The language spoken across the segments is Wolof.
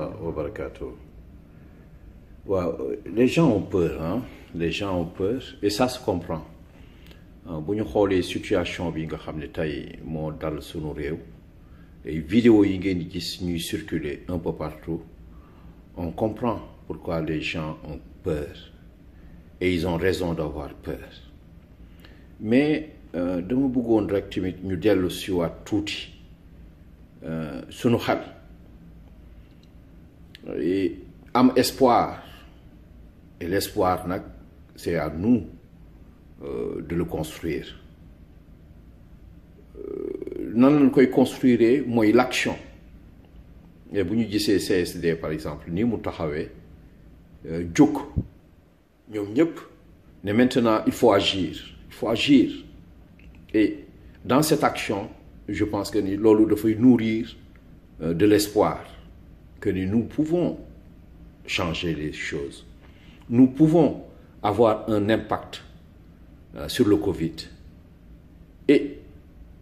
rahmatullah wa barakatuh waaw les gens ont peur hein les gens ont peur et ça se comprend euh, bu ñu xoolee situation bi nga xam ne tey moo dal sunu réew et vidéo yi ngeen di gis ñuy circuler un peu partout on comprend pourquoi les gens ont peur et ils ont raison d'avoir peur mais euh, dama bëggoon rek tamit ñu dellu siwaat tuuti euh, sunu xel am espoir et l'espoir nag c'est à nous euh, de le construire euh, nan lañ koy construire mooy l'action et bu ñu gisee CSD par exemple nii mu taxawee euh, jóg ñoom ñëpp ne maintenant il faut agir il faut agir et dans cette action je pense que nii loolu dafay nourir euh, de l'espoir que nous pouvons changer les choses. Nous pouvons avoir un impact euh, sur le Covid. Et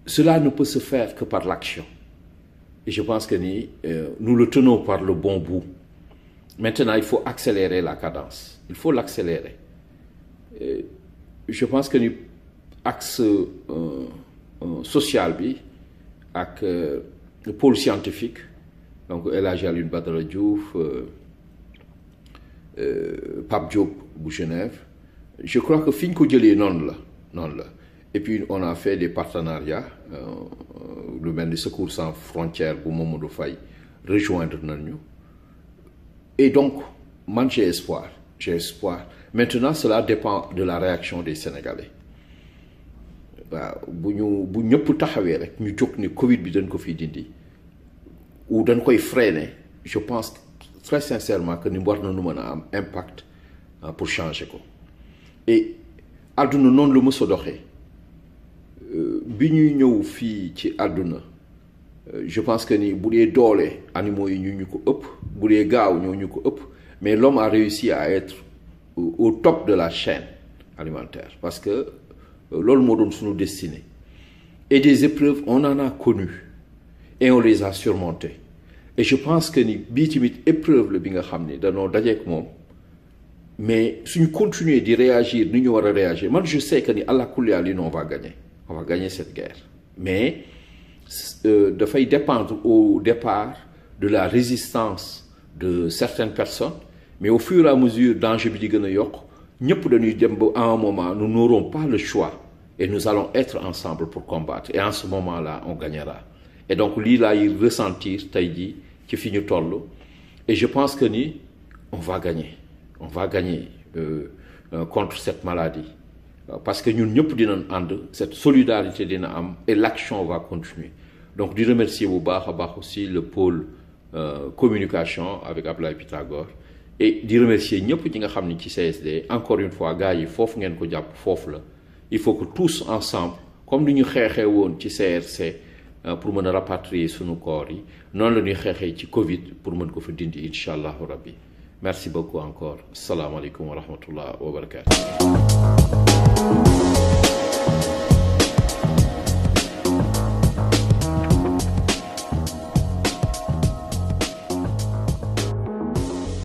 cela ne peut se faire que par l'action. Et je pense que ni, euh, nous le tenons par le bon bout. Maintenant, il faut accélérer la cadence. Il faut l'accélérer. Je pense que ni, axe euh, euh social bi ak euh, pôle scientifique donc El Hadj Alioune Badara Diouf euh, euh, Pape Diop bu Genève je crois que fi ñu ko jëlee noonu la noonu la et puis on a fait des partenariats euh, lu mel ni Secours sans frontières bu Mamadou Faye rejoindre nañu et donc man j'ai espoir j'ai espoir maintenant cela dépend de la réaction de Sénégalais waaw bu ñu bu ñëpp taxawee rek ñu jóg ni Covid bi dañ ko fii dindi. ou dañ koy freiner je pense très sincèrement que ni war na nu mën a am impact ah, pour changer ko et àdduna noonu lu mës a doxee euh, bi ñuy ñëw fii ci àdduna euh, je pense que nii bu dee doole animaux yi ñu ñu ko ëpp bu dee gaaw ñoo ñu ko ëpp mais l'homme a réussi à être au top de la chaine alimentaire parce que euh, loolu moo doon suñu destinée et des épreuves on en a connu et on les a surmontés et je pense que ni bii tamit épreuve la bi nga xam ne danoo dajeek moom mais suñu continuer di réagir ni ñu war a réagir man je sais que ni àla kullia li on va gagner on va gagner cette guerre mais euh, dafay dépendre au départ de la résistance de certaines personnes mais au fur et à mesure danger bi di gën a yokk ñëpp dañuy dem ba à un moment nous n'aurons pas le choix et nous allons être ensemble pour combattre et en ce moment là et donc lii laay ressentir tey jii ci fi ñu toll et je pense que ni on va gagner on va gagner euh, euh, contre cette maladie euh, parce que ñun ñëpp dinañ ànd cette solidarité dina am et l'action va continuer donc di remercier bu baax a baax aussi le pôle euh, communication avec Ablaye Pythagore et di remercier ñëpp ñi nga xam ni ci CSD encore une fois gars yi foofu ngeen ko jàpp foofu la il faut que tous ensemble comme ni ñu xeexee woon ci CRC Euh, pour mën a rapatrier sunu corps yi noonu la ñuy xeexee ci Covid pour mën ko fa dindi incha allahu rabbi merci beaucoup encore salaamaaleykum wa rahmatullah wa barakaatu.